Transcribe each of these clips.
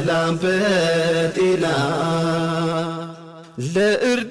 በሰላም በጤና ለእርዳ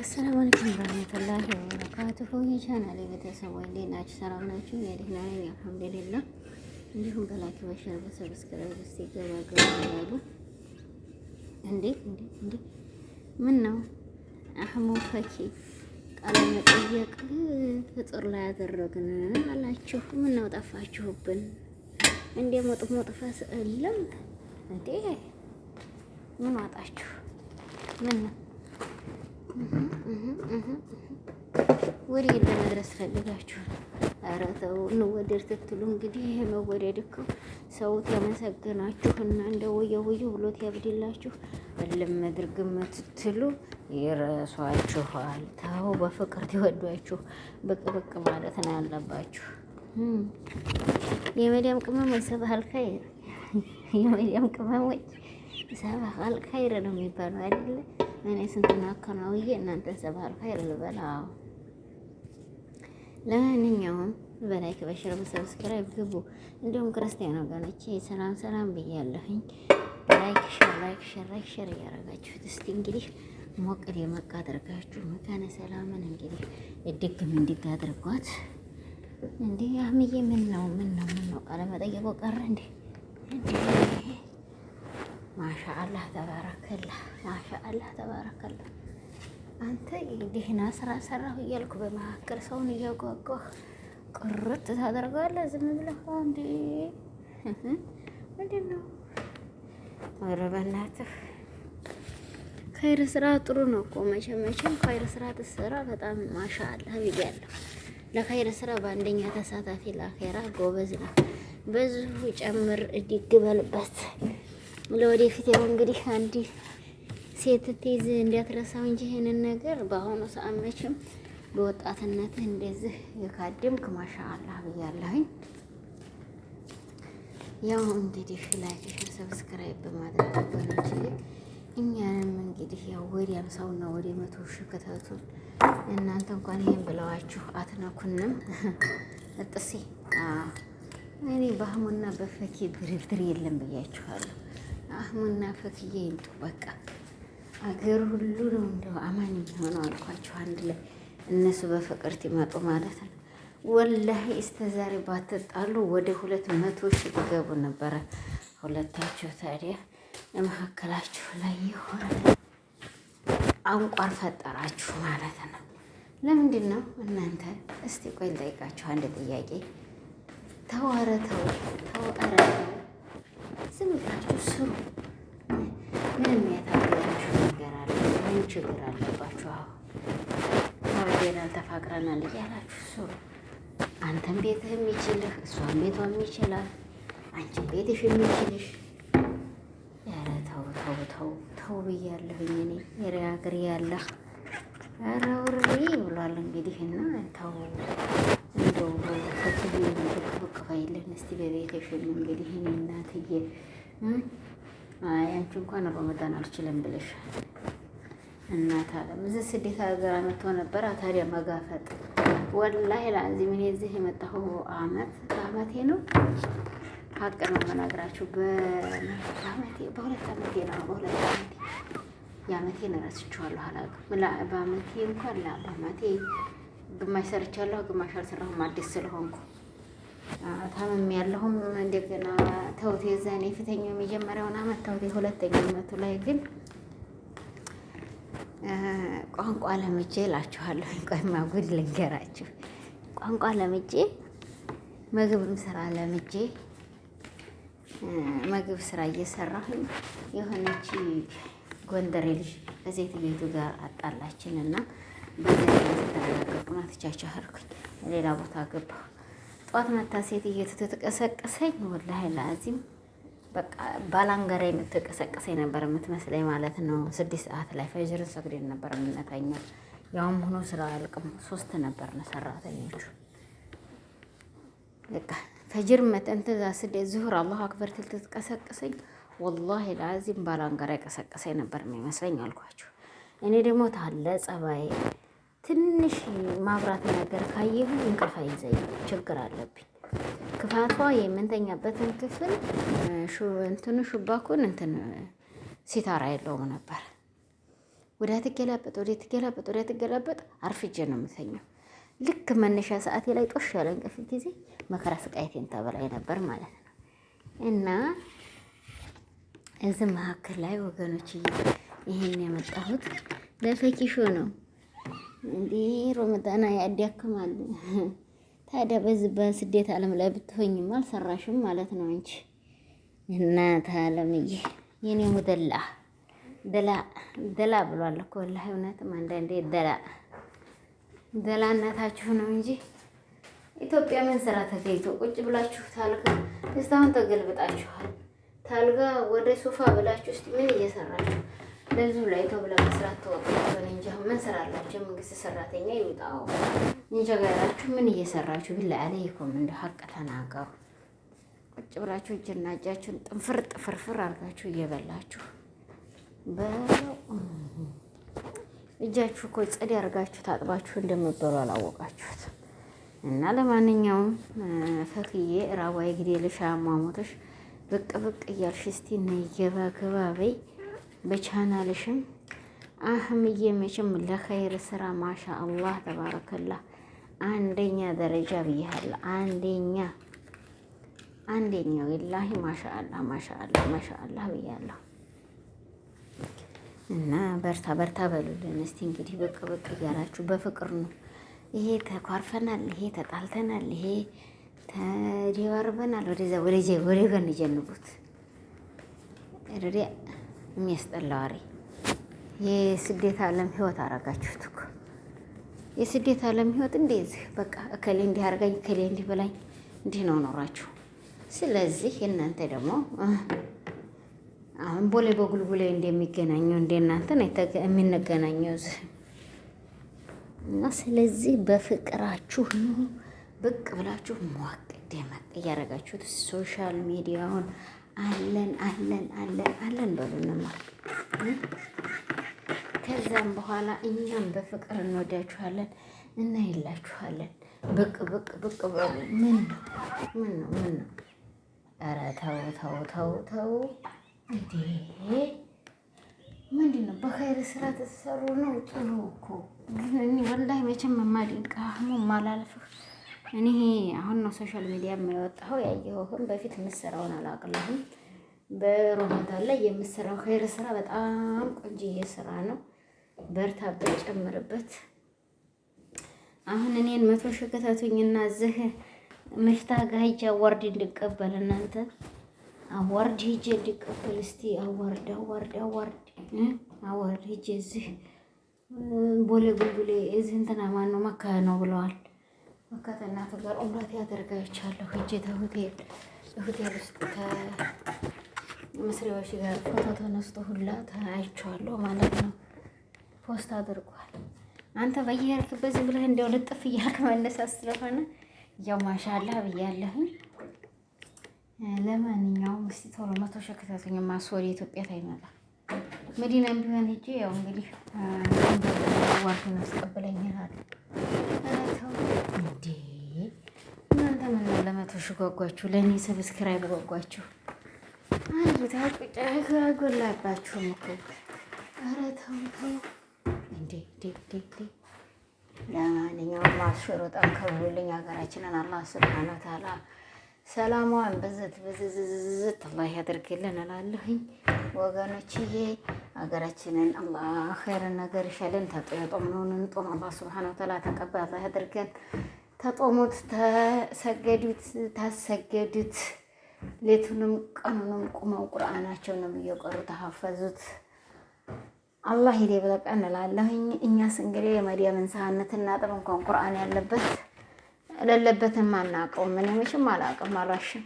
አሰላሙ አለይኩም ወራህመቱላሂ ወበረካቱሁ። የቻናሌ ቤተሰቦች እንዴት ናችሁ? ሰላም ናችሁ? ደህና ነኝ አልሐምዱሊላህ። እንዲሁም በላኪ በሸር በሰብስክራይብ ውስጥ ይገባገባሉ እንዴት እንዴት እንዴት ምን ነው አህሙ ፈኪ ቃለ መጠየቅ ፍጡር ላይ ያደረግን አላችሁ። ምን ነው ጠፋችሁብን? እንደ ሞጥ ጥፋት የለም እንዴ? ምን ዋጣችሁ? ምን ነው ወደ ለመድረስ ፈልጋችሁ ነው? ኧረ ተው እንወደድ ትትሉ እንግዲህ ይሄ መወደድ እኮ ሰው ተመሰገናችሁ እና እንደ ወየ ወየ ብሎት ያብድላችሁ እልም ድርግም ትትሉ ይረሷችኋል። ተው በፍቅር ትወዷችሁ ብቅ ብቅ ማለት ነው ያለባችሁ። የመዲያም ቅመሞች ሰባህ አልካይር የመዲያም ቅመሞች ሰባህ አልካይር ነው የሚባለው አይደለ? እኔ ስንቱን አከናውዬ እናንተ ሰባህ አልካይር ልበላ ለማንኛውም በላይክ በሽር በሰብስክራይብ ግቡ። እንዲሁም ክርስቲያን ወገኖቼ ሰላም ሰላም ብያለሁኝ። ላይክ ሸር ላይክ ሸር ላይክ ሸር እያደረጋችሁት እስቲ እንግዲህ ሞቅ ደመቅ አድርጋችሁ መካነ ሰላምን እንግዲህ እድግም እንዲግ አድርጓት። እንዴ አህምዬ ምን ነው ምን ነው ምን ነው ቃለ መጠየቁ ቀረ እንዴ? ማሻአላህ ተባረከላህ ማሻአላህ ተባረከላህ አንተ ይህን ስራ ሰራሁ እያልኩ በመካከል ሰውን እያጓጓህ ቁርጥ ታደርገዋለህ። ዝም ብለህ እንዲ ምንድን ነው? ኧረ በእናትህ ከይር ስራ ጥሩ ነው እኮ መቼም መቼም ከይር ስራ ትስራ። በጣም ማሻአላህ ብያለሁ። ለከይር ስራ በአንደኛ ተሳታፊ ለአኼራ ጎበዝ ነው። በዚሁ ጨምር እንዲግበልበት ለወደፊት ያው እንግዲህ አንዲ ሴትትይዝ እንዳትረሳው እንጂ ይህንን ነገር በአሁኑ ሰዓት መቼም በወጣትነትህ እንደዚህ የካድምክ ማሻ አላህ ብያለሁኝ። ያው እንግዲህ ላይክሽን ሰብስክራይብ በማድረግ ወገኖች እኛንም እንግዲህ ያው ወደ አምሳውና ወደ መቶ ሺህ ክተቱን። እናንተ እንኳን ይሄን ብለዋችሁ አትነኩንም። እጥሴ እኔ በአህሙና በፈኪ ድርድር የለም ብያችኋለሁ። አህሙና ፈኪዬ ይምጡ በቃ። አገር ሁሉ ነው እንደው አማኝ የሚሆነው አልኳቸው። አንድ ላይ እነሱ በፍቅር ይመጡ ማለት ነው። ወላሂ እስከ ዛሬ ባትጣሉ ወደ ሁለት መቶ ሺህ ትገቡ ነበረ ሁለታቸው። ታዲያ መካከላችሁ ላይ የሆነ አንቋር ፈጠራችሁ ማለት ነው። ለምንድን ነው እናንተ? እስቲ ቆይ ልጠይቃችሁ አንድ ጥያቄ። ተዋረተው ተዋረተው ዝም ብላችሁ ስሩ ምንም ያታ ምን ችግር አለባችሁ? ተዋደናል፣ ተፋቅረናል እያላችሁ እሱ አንተም ቤትህ የሚችልህ እሷም ቤቷም ይችላል፣ አንቺም ቤትሽ የሚችልሽ። ያለ ተው ተው ተው ተው ብያለሁኝ እኔ የሬ ሀገር ያለህ ኧረ ብሏል እንግዲህ እና ተው እንደው ከትሉ ብቅብቅፋይልን እስቲ በቤተሽም እንግዲህ እናትዬ አይ አንቺ እንኳን ረመዳን አልችልም ብለሻል እናት አለም እዚህ ስደት ሀገር መጥተው ነበር። ታዲያ መጋፈጥ ወላሂ ለአዚም እኔ እዚህ የመጣሁ አመት አመቴ ነው። ሀቅ ነው መናገራችሁ። በአመቴ በሁለት አመቴ ነው በሁለት አመቴ የአመቴን እረስቸዋለሁ አላውቅም። በአመቴ እንኳን ላ በአመቴ ግማሽ ሰርቻለሁ፣ ግማሽ አልሰራሁም። አዲስ ስለሆንኩ ታምም ያለሁም እንደገና ተውቴ ዘን የፊተኛው የመጀመሪያውን አመት ተውቴ ሁለተኛው አመቱ ላይ ግን ቋንቋ ለምጄ እላችኋለሁ። ቆይማ ጉድ ልንገራችሁ። ቋንቋ ለምጄ ምግብም ስራ ለምጄ ምግብ ስራ እየሰራሁኝ የሆነች ጎንደሬ ልጅ በዜት ቤቱ ጋር አጣላችን እና በተጠናቀቅና ትቻቸው አልኩኝ። ሌላ ቦታ ገባሁ። ጠዋት መታ ሴትዮ ትትቀሰቅሰኝ ወላሂ ላዚም በቃ ባላንጋራ የምትቀሰቀሰ የነበረ የምትመስለኝ ማለት ነው። ስድስት ሰዓት ላይ ፈጅርን ሰግደን ነበር የምንተኛ። ያውም ሆኖ ስራ አልቅም ሶስት ነበር ነው ሰራተኞቹ። በቃ ፈጅር መጠንተዛ ስደ ዙሁር አላሁ አክበር ትል ትቀሰቅሰኝ፣ ወላሂ ለአዚም ባላንጋራ የቀሰቀሰ ነበር የሚመስለኝ አልኳቸው። እኔ ደግሞ ታለ ጸባይ ትንሽ ማብራት ነገር ካየሁ እንቅልፍ አይዘኝም፣ ችግር አለብኝ። ክፋቷ የምንተኛበትን ክፍል እንትኑ ሹባኩን እንትን ሲታራ የለውም ነበር። ወደ ትገላበጥ፣ ወደ ትገላበጥ፣ ወደ ትገላበጥ። አርፍጄ ነው የምተኛው። ልክ መነሻ ሰዓቴ ላይ ጦሽ ያለ እንቅልፍ ጊዜ መከራ ስቃይቴን ተበላይ ነበር ማለት ነው። እና እዚህ መካከል ላይ ወገኖች ይህን ያመጣሁት ለፈኪሾ ነው። እንዲህ ሮመዳና ያዳክማል። ታዲያ በዚህ በስደት ዓለም ላይ ብትሆኝም አልሰራሽም ማለት ነው እንጂ እናት ዓለምዬ የኔ ሙደላ ደላ ደላ ብሏል እኮ ወላሂ እውነትም አንዳንዴ ደላ ደላ እናታችሁ ነው እንጂ ኢትዮጵያ ምን ስራ ተገኝቶ ቁጭ ብላችሁ ታልጋ እስካሁን ተገልብጣችኋል። ታልጋ ወደ ሶፋ ብላችሁ ውስጥ ምን እየሰራችሁ እንደዚሁ ላይ ተብለ መስራት ተወቅቶን እንጂ ምን ሰራላችሁ? መንግስት ሰራተኛ ይውጣው እንጂ ገራችሁ ምን እየሰራችሁ? ቢላ አለይኩም እንደ ሀቅ ተናገሩ። ቁጭ ብላችሁ እጅና እጃችሁን ጥንፍር ጥፍርፍር አድርጋችሁ እየበላችሁ እጃችሁ እኮ ጽድ አድርጋችሁ ታጥባችሁ እንደምበሉ አላወቃችሁት። እና ለማንኛውም ፈክዬ ራቧ ግዴልሽ አሟሞትሽ ብቅ ብቅ እያልሽ እስቲ ነይ ገባ ገባ በይ። በቻናልሽም አህምዬ መቼም ለኸይር ስራ ማሻ አላህ ተባረከላህ አንደኛ ደረጃ ብያለ አንደኛ አንደኛ ወላሂ ማሻአላህ ማሻአላህ ማሻአላህ ብያለሁ። እና በርታ በርታ በሉልን እስቲ እንግዲህ ብቅ ብቅ እያላችሁ በፍቅር ነው። ይሄ ተኳርፈናል፣ ይሄ ተጣልተናል፣ ይሄ ተደባርበናል። ወደዛ ወደዚ ወደ ገን ጀንቡት የሚያስጠላ ወሬ። የስደት ዓለም ህይወት አረጋችሁት እኮ የስደት ዓለም ህይወት እንደዚህ በቃ እከሌ እንዲህ አርጋኝ፣ እከሌ እንዲህ በላኝ፣ እንዲህ ነው ኖራችሁ። ስለዚህ እናንተ ደግሞ አሁን ቦሌ በጉልጉሌ እንደሚገናኘው እንደናንተ የሚንገናኘው እዚህ እና ስለዚህ በፍቅራችሁ ብቅ ብላችሁ ሟቅ ደመቅ እያረጋችሁት ሶሻል ሚዲያውን አለን አለን አለን አለን በሉንማ። ከዛም በኋላ እኛም በፍቅር እንወዳችኋለን እናይላችኋለን። ብቅ ብቅ ብቅ በሉ። ምን ነው ምን ነው ምን ነው? ኧረ ተው ተው ተው ተው እንዴ! ምንድን ነው በኸይር ስራ ተሰሩ ነው ጥሩ እኮ ግን እኔ ወላሂ መቼም የማድንቅ አህሙ ማላልፍህ እኔ አሁን ነው ሶሻል ሚዲያ የማይወጣው ያየሁህም በፊት የምሰራውን አላቅልህም በሮመዳን ላይ የምሰራው ኸይር ስራ በጣም ቆንጆዬ ስራ ነው። በርታበት፣ ጨምርበት። አሁን እኔን መቶ ሺህ ክተቱኝና እዚህ መፍታ ጋር ሂጅ አዋርድ እንድቀበል እናንተ አዋርድ ሂጅ እንድቀበል እስቲ አዋርድ አዋርድ አዋርድ አዋርድ ሂጅ እዚህ ቦሌ ጉልጉሌ እዚህ እንትና ማን ነው መካ ነው ብለዋል። ከእናቱ ጋር ኡምራት ያደርጋችኋለሁ። እጄ ተሆቴል ሆቴል ውስጥ ከመስሪያዎች ጋር ፎቶ ተነስቶ ሁላ አይቼዋለሁ ማለት ነው። ፖስት አድርጓል። አንተ በየሄድክበት ዝም ብለህ እንዲያው ልጥፍ እያልክ መነሳት ስለሆነ ያው ማሻላህ ብያለሁኝ። ለማንኛውም እስቲ ቶሎ መቶ ሺህ ክተቱኝ። ማስ ወደ ኢትዮጵያ ታይመጣ መዲናም ቢሆን ሂጅ። ያው እንግዲህ ዋርቱን ያስቀብለኛል እናንተ ምን ለመቶ ሺህ ጓጓችሁ? ለእኔ ሰብስክራይብ ጓጓችሁ? አንዲታ ቁጫ ጎላባችሁም እኮ ኧረ ተው ተው እንዴ! ለማንኛውም አሽሮ ጠንከር ብሎልኝ ሀገራችንን አላህ ስብሐነ ወተዓላ ሰላሟን ብዝት ብዝዝዝዝት አላህ ያደርግልን እላለሁኝ ወገኖችዬ። ሀገራችንን አላህ ኸይር ነገር ይሻልን። ተጠየጦም ነውን ጦም አላህ ስብሐነ ወተዓላ ተቀባይ ያድርገን። ተጦሙት ተሰገዱት ታሰገዱት ሌቱንም ቀኑንም ቁመው ቁርአናቸውንም እየቀሩ ተሐፈዙት። አላህ ሂዴ በለቀን እላለሁኝ። እኛስ እንግዲህ የመዲያምን ሳህነት እናጥብ። እንኳን ቁርአን ያለበት ለለበትም አናውቀውም። እኔ መቼም አላውቅም አላሽም።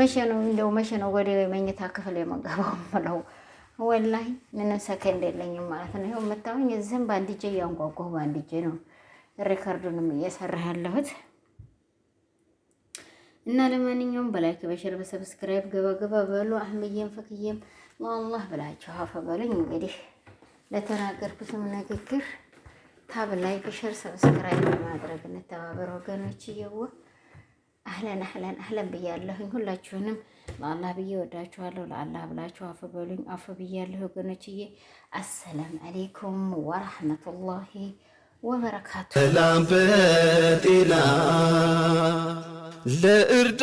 መቼ ነው እንደው መቼ ነው ወደ መኝታ ክፍል የመገባው ምለው ወላሂ ምንም ሰከንድ የለኝም ማለት ነው። ይኸው የምታዩኝ እዚህም በአንድ እጄ እያንጓጓሁ በአንድ እጄ ነው ሪከርዱንም እየሰራ ያለሁት እና ለማንኛውም በላይክ በሸር በሰብስክራይብ ገባገባ በሉ። አህምዬም ፈክዬም ዋላህ ብላችሁ አፈ እንግዲህ ለተናገርኩትም ንግግር ታብ ላይክ ሸር ሰብስክራይብ ማድረግ እንተባበር ወገኖች። እየወ አህለን አህለን አህለን ብያለሁኝ። ሁላችሁንም ለአላህ ብዬ ወዳችኋለሁ። ለአላህ ብላችሁ አፈ በሉኝ። አፈ ብያለሁ ወገኖችዬ። አሰላም አሌይኩም ወራህመቱላሂ ወበረካቱ